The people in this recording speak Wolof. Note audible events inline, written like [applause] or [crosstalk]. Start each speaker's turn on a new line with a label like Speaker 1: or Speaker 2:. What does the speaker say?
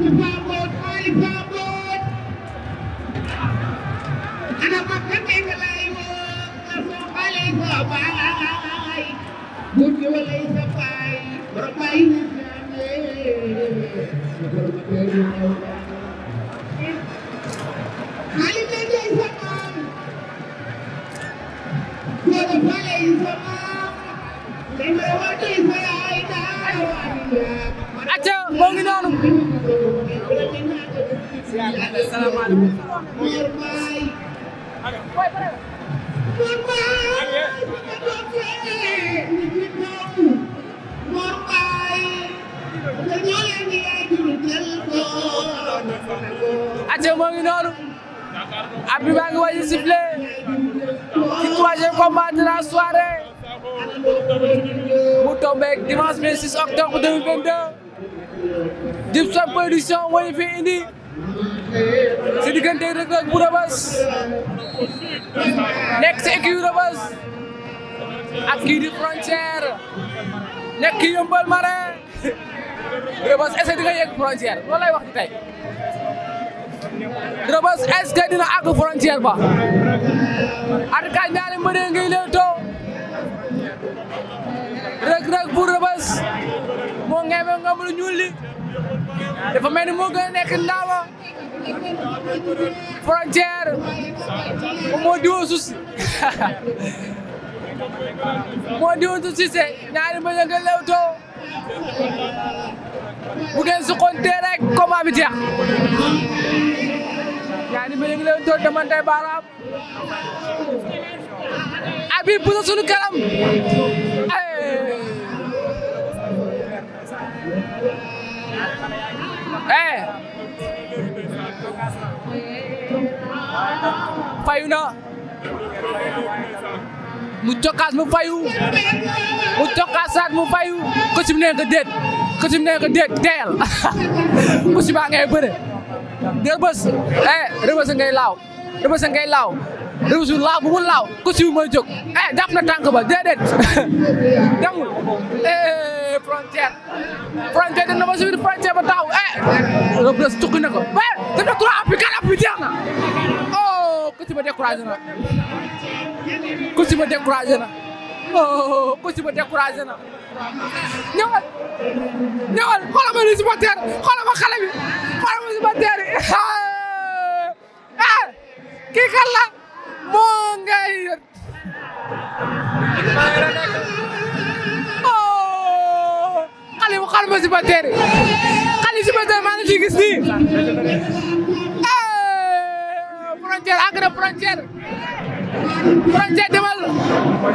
Speaker 1: ci Pambod Oly Pambod. ana ma fekkee ka laay woo nga soo xalee sa baay bu jëwalee sa baay borom baay na jaamee acca moo ngi noonu salaamaaleykum. Aca moo ngi noonu at bi maa ngi waaj a sifflé ci troisième combat de la soirée mu tombé dimanche 26 octobre 2022 Djibson Production moo ñu fi indi. si diggante Reug Reug bu Rebeuss nekk si équipe Rebeuss ak kii di frontière nekk Yeumbeul Marin Rebeuss est-ce que di nga yegg lay wax tey Rebeuss est-ce que dina àgg frontière ba at ka ñaari mbëre ngi leetoo Reug Reug bu Rebeuss moo ngeeme nga mu ñuul li dafa mel ni moo gën a nekk ndaama frontière moo diwo susi moo diwo susi se ñaari mbër ya nga lewtoo bu ngeen suqontee rek combat bi jeex ñaari mbër ya nga lewtoo abi bu sunu kanam eh, eh. fayu na mu cokkaas mu fayu mu cokkaasaat mu fayu ko ci nee nga déet ko ci nee nga déet teel [laughs] mu ci baa ngay bëre rëbës eh rëbës ngay laaw rëbës ngay laaw rëbësu laaw bu mu laaw ko ci mooy jóg eh, na tànk ba déedéet [laughs] demul eh frontière frontière dina ba ci biir ba taxaw eh rëbës tukki na ko eh découragé na coach ba découragé na oh coach ba na ñëwal ñëwal xoolal ma li supporter xoolal ma xale bi xoolal ma supporter yi [laughs] ah, kii kan la moo ngay oh xale bu xoolal ma supporter yi xale supporter maa ngi ciy gis nii frontière frontière demal